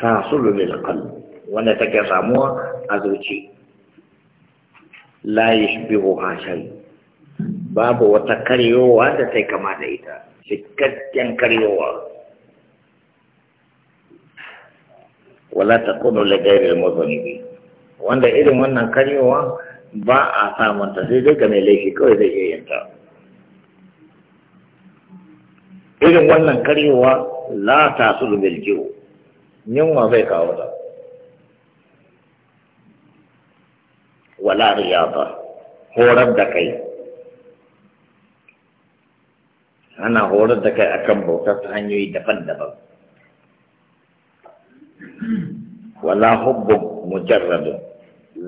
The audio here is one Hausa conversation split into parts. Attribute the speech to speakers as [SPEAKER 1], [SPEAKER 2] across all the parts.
[SPEAKER 1] tasulu lil qalbi wanda take samuwa a zuci la yashbihuha shay babu wata karyowa da ta kama da ita cikakken karyowa wala takunu li ghairi al-muznibi wanda irin wannan karyowa ba a samun ta sai dai ga mai laifi kawai zai iya yanta. irin wannan karyowa la tasulu bil jiwu yunwa zai kawo ta wala riyada horar da kai ana horar da kai akan bautar ta hanyoyi daban-daban wala hubbun mujarrabin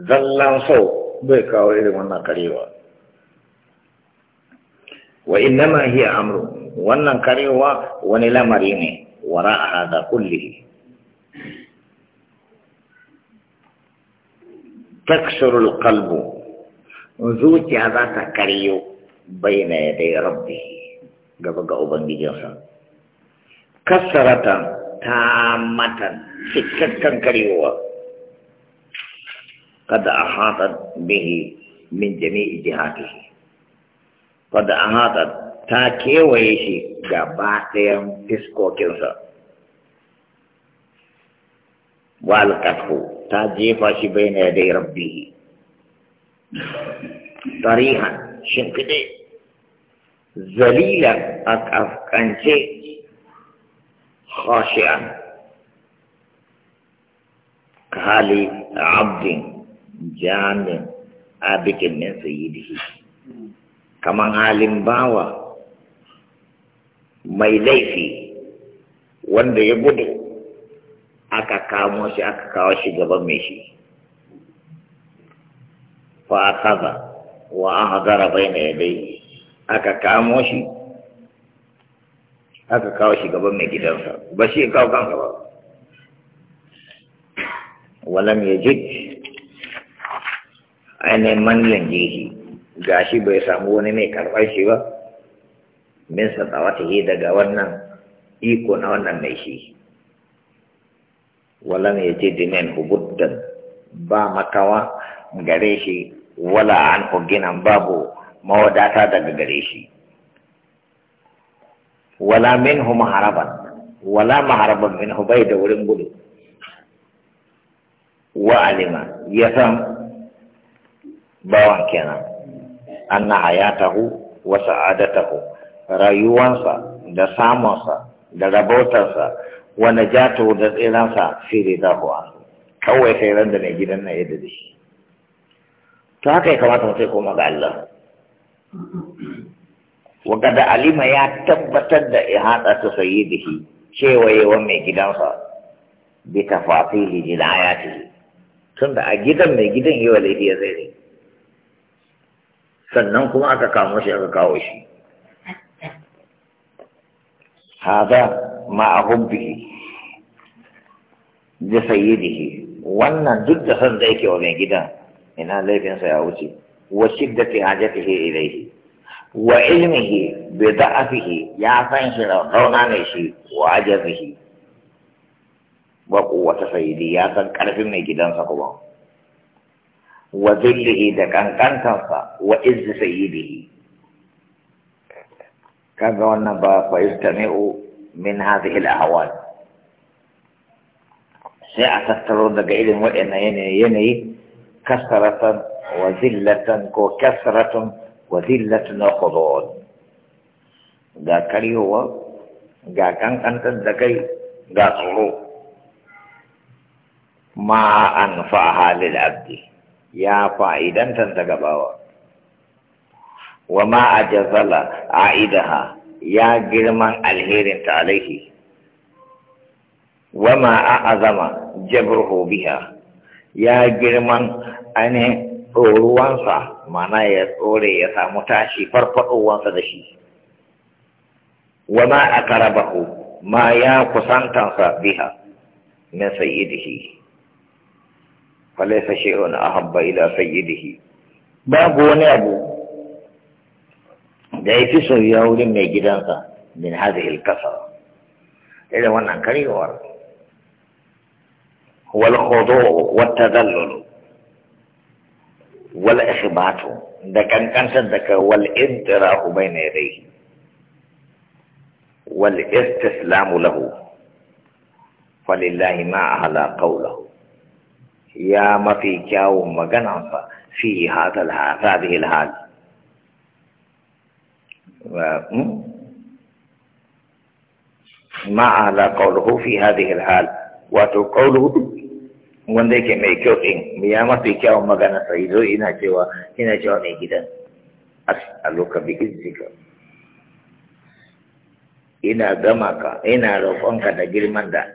[SPEAKER 1] zallan sau bai kawo irin wannan karewa wa innama hiya amru wannan karewa wani lamari ne wara a hada kullihi تكسر القلب يا ذات كريو بين يدي ربه قبقى أبنجي كسرة تامة سكتا كريوة قد أحاطت به من جميع جهاته قد أحاطت تاكيوه شي قباتهم فسكوكنسا والقته ta jefa shi bai na yadda rabbi tarihan shimfiɗe zalilan a kafkance khashi'an ka abdin jamin abikin min sayyidihi kaman halin bawa mai laifi wanda ya gudu aka kamo shi aka kawo shi gaban mai shi fa akaza wa ahdara baina yadayhi aka kamo shi aka kawo shi gaban mai gidansa ba shi kawo kansa ba walam yajid ainihin man ga gashi bai samu wani mai karɓar shi ba min satawa ta daga wannan iko na wannan mai shi walam yajid minhu buddan ba makawa gare shi wala anhu ginan babu mawadata daga gare shi wala min minhu maharaban wala maharaban min bai da wurin gudu wa alima ya san bawan kenan anna hayatahu wa sa'adatahu rayuwansa da samunsa da rabotarsa wa jato da tsiransa za ku anhu kawai sai ran mai gidan na yadda da shi to haka ya kamata mu sai koma ga Allah wa kad alima ya tabbatar da ihadatu sayyidihi wa mai gidansa bi tafasili jinayatihi tunda a gidan mai gidan yi laifi ya zai sannan kuma aka kamo shi aka kawo shi hada ma hubbihi da sayyidihi wannan duk da san da yake wani mai gidan ina laifinsa ya wuce wa shiddati hajatihi ilayhi wa ilmihi bi da'afihi ya san shi da rauna ne shi wa ajabihi wa quwwata sayyidi ya san karfin mai gidansa kuma wa dhillihi da kankantansa wa izzi sayyidihi kaga wannan ba fa istami'u من هذه الأحوال ساعة سيعتطروا دقائل وإن يني, يني كسرة وذلة وكسرة وذلة وخضوع دا كري هو دا كان أنت دقائل دا صلو ما أنفعها للعبد يا فائدا تنتقبها وما أجزل عائدها ya girman alherin ta alaihi wama azama jabruhu biya. ya girman ainihin tsoruwansa mana ya tsore ya samu tashi farfadowansa da shi wama karabahu ma ya kusantansa biha min sayyidihi falaysa shay'un ahabba ila sayyidihi babu wani abu دايتي سو ياو لي من هذه الكثرة إذا وانا كريم وارد والخضوع والتذلل والإخبات ده كان كان سندك والإنتراء بين يديه والاستسلام له فلله ما أهلا قوله يا ما في كاو مغنى في هذا هذه الحال ما أعلى قوله في هذه الحال وتقوله wanda yake mai kyau ɗin ya mafi kyawun magana sai zo ina cewa ina cewa mai gidan as'aluka bi izzika ina gama ka ina roƙonka da girman da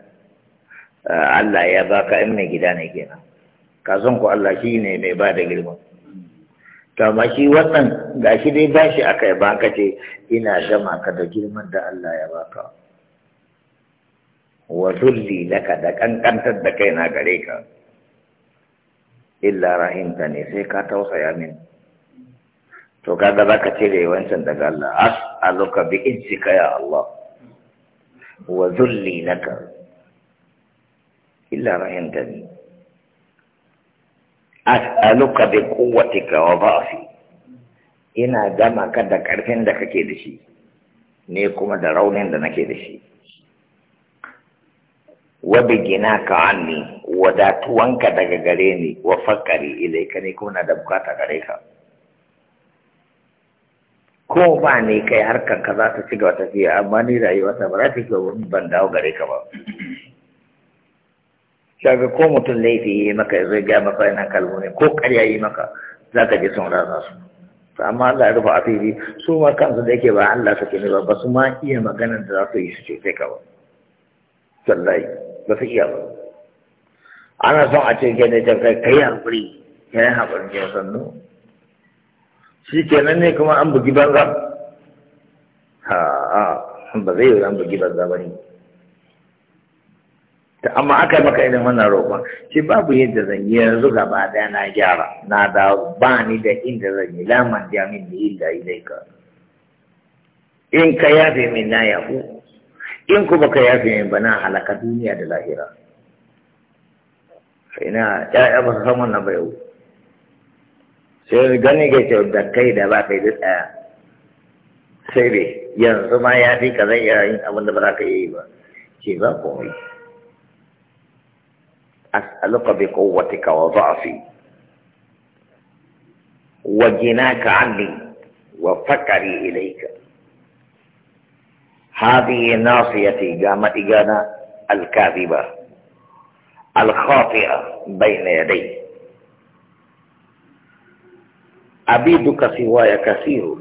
[SPEAKER 1] Allah ya baka in mai gida ne kenan ka san ku Allah shi ne mai ba da girman to amma shi wannan gashi dai bashi akai ba kace ina gama ka da girman da Allah ya baka wa zulli laka da kankantar da kaina gare ka illa rahimta ne sai ka tausaya min to kaga ba ka cire wancan daga Allah as'aluka bi insika ya Allah wa zulli laka illa rahimta ne as'aluka bi quwwatika wa ba'fi ina gama ka da ƙarfin da kake da shi ne kuma da raunin da nake da shi wa bigina ka anni wadatuwanka daga gare ni wa fakari ka ne kuma na da bukata gare ka ko ba ne kai harkar ka za ta ci gaba tafiya amma ni rayuwa ta ba za ta ci wani ban dawo gare ka ba shaga ko mutum laifi yi maka zai gaya maka yana kalmomi ko karya yi maka za ka ji sun rasa su amma Allah ya rufe asiri su ma kansu da yake ba Allah suke ne ba ba su ma iya maganar da za su yi su ce sai kawai sallai ba su iya ba ana son a ce gane can kai kai hakuri. ya yi haƙurin ya sannu shi kenan ne kuma an bugi banza ha ba zai yi an bugi banza ba ne amma aka maka irin wannan roƙon shi babu yadda zan yi yanzu gaba da na gyara na da ba ni da inda zan yi laman min da illa ilaika in ka yafe min na yafu in ku baka yafe min ba na halaka duniya da lahira ina ƴaƴa ba su san wannan ba yau sai gani ga kyau da kai da ba kai da ɗaya sai dai yanzu ma ya fi ka zai iya yin abin da ba za ka yi ba ce ba komai أسألك بقوتك وضعفي وجناك عني وفكري إليك هذه ناصيتي جامع إجانا الكاذبة الخاطئة بين يدي أبيدك سواي كثير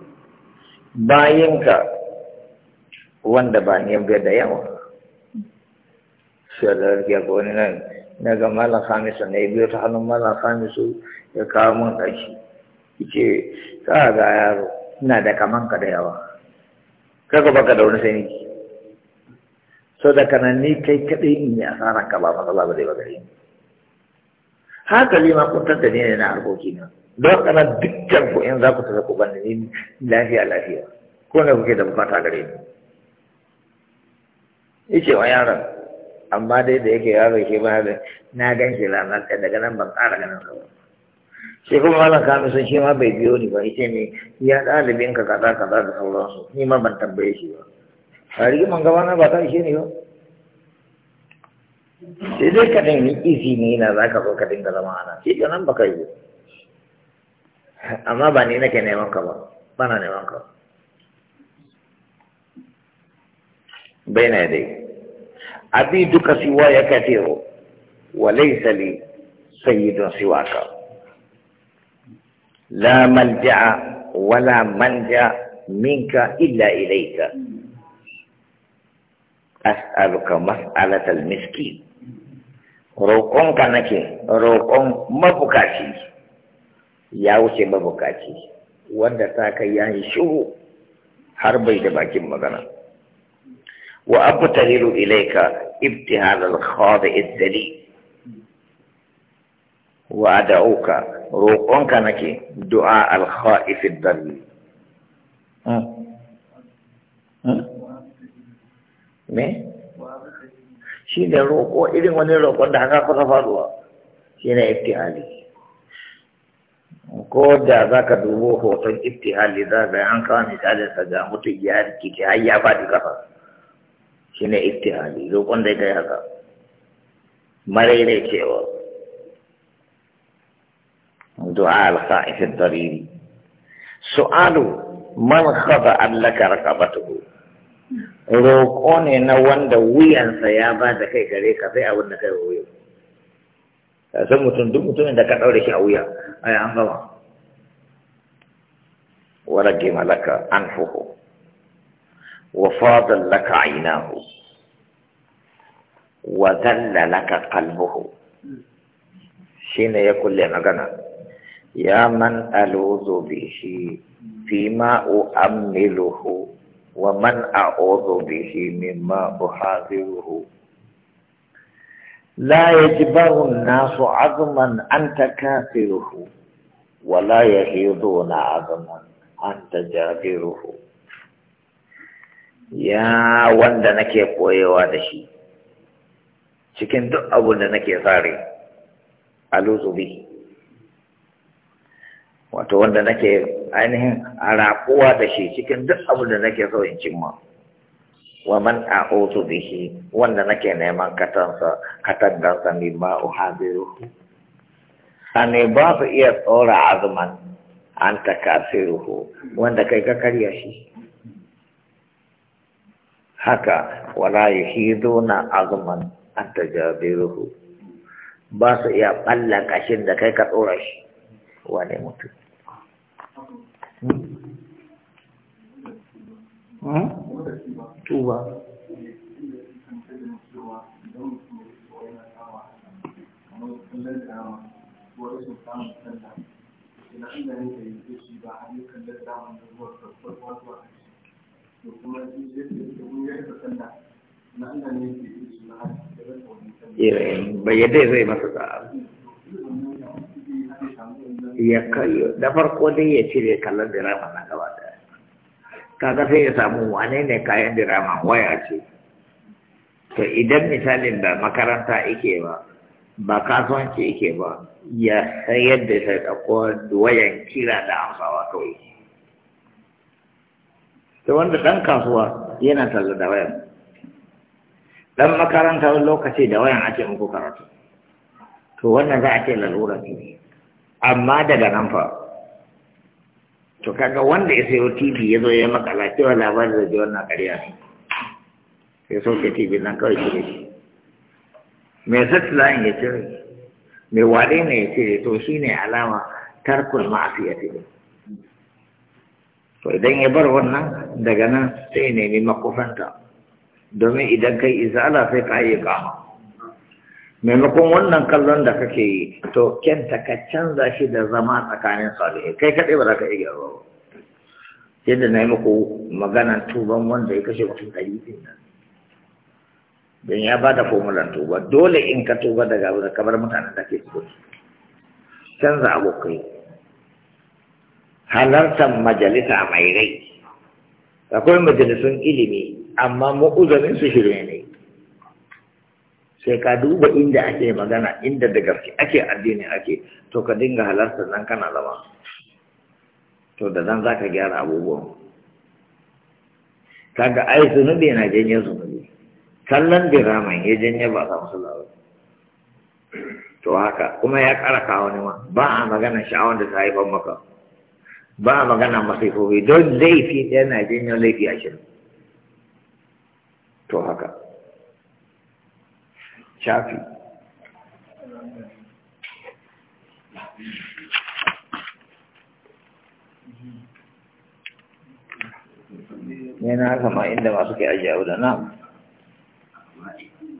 [SPEAKER 1] باينك وند باين يبدأ يوم شلال يقولون Daga Mala malam na ya ta hannun Mala hamisu ya kawo mun ɗaki ce ka ga yaro ina da kaman ka da yawa kaga baka da wani sai so da kana ni kai kadai in yi asaran ka ba matsala ba zai ba gare ni haka lima kuntar da ni ne na harkoki na don kana dukkan ku in za ku tafi ku bani ni lafiya lafiya ko ne kuke da bukata gare ni ce wa yaron amma dai da yake yawon shi ba na gan shi ranar ɗaya daga nan ban ƙara ganin su shi kuma malam kamar sun shi ma bai biyo ni ba ita ne ya ɗalibin ka kaza kaza da sauransu ni ma ban tambaye shi ba a rigiman na ba ta ishe ne ba sai dai ka izi ne na za ka zo ka dinga zama ana shi ka nan ba ka yi amma ba ni nake neman ka ba ba na neman ka bai na dai ya siwaya kathiru wa laysa li sayyidun siwaka la malja'a wa la manja minka illa ilayka as'aluka mas'alata al-miskin roƙon ka nake roƙon mabukaci ya wuce mabukaci wanda ta kai ya yi shuhu har bai da bakin magana وأبتهل إليك ابتهال الخاضع الذليل وأدعوك روقك نكي دعاء الخائف الضليل me shi ne roƙo irin wani roƙon da haka kusa faruwa shi ne iftihali ko da za ka dubo hoton iftihali za ga an kawo misalin sa ga mutum ya rikici har ya faɗi kafa shi ne ittihadi roƙon da ya kai haka ne cewa du'a al-sa'ifin dariri su'alu man khada allaka raqabatuhu roƙo ne na wanda wuyansa ya ba da kai gare ka sai abin da kai wuya ka san mutum duk mutumin da ka ɗaure shi a wuya ai an gama warage malaka an fuhu وفاض لك عيناه وذل لك قلبه شين يقول لنا مغنى يا من ألوذ به فيما أؤمله ومن أعوذ به مما أحاذره لا يجبر الناس عظما أنت كافره ولا يهيضون عظما أنت جابره ya wanda nake koyewa da shi cikin duk abin da nake tsare a lusubi? wato wanda nake ainihin arakuwa da shi cikin duk abin da nake sauyin cimma wa man a'udhu bihi wanda nake neman katansa katandarsa ni ma a ne ba su iya tsora azuman an ruhu. wanda kai ka karya shi haka wala yuhiduna azman anta jabiruhu ba su iya ɓalla kashin da kai ka ɗora shi wane mutum hmm? Hmm? tuba Thank you. to kuma yi na yadda zai ya kai da farko dai ya cire kallon sai ya samu wane ne kayan dirama waya ce to idan misalin da makaranta ike ba ba kasuwanci ike ba ya sayar da sai ɗauko wayan kira da amsawa kawai To wanda ɗan kasuwa yana talla da wayan ɗan makaranta wani lokaci da wayan ake muku karatu to wannan za a ce lalura ne amma daga nan fa to kaga wanda ya sayo tv ya zo ya makala cewa labari da ji wannan ƙarya sai soke tv nan kawai shi shi mai layin ya cire mai wane ne ya cire to shi ne alama tarkul ne to idan ya bar wannan daga nan sai nemi makofanta domin idan kai izala sai ka yi kama maimakon wannan kallon da kake yi to kenta ka canza shi da zama tsakanin salihai kai kaɗai ba za ka iya ba yadda na yi muku maganan tuban wanda ya kashe mutum ɗari ɗin nan don ya ba da fomulan tuba dole in ka tuba daga abu da kamar mutanen da ke tuba canza abokai halartar majalisa mai rai akwai majalisun ilimi amma uzanin su shirye ne sai ka duba inda ake magana inda da gaske ake addini ake to ka dinga halarta nan kana zama to da nan za ka gyara abubuwan kaga ai zunubi na janye zunubi kallon diraman ya janye ba samu sulawa to haka kuma ya kara kawo ne ma ba a maganar sha'awar da ta haifar maka ba magana masifofi don laifi ɗaya na janyo laifi ashirin to haka shafi yana haka ma inda masu ke ajiye abu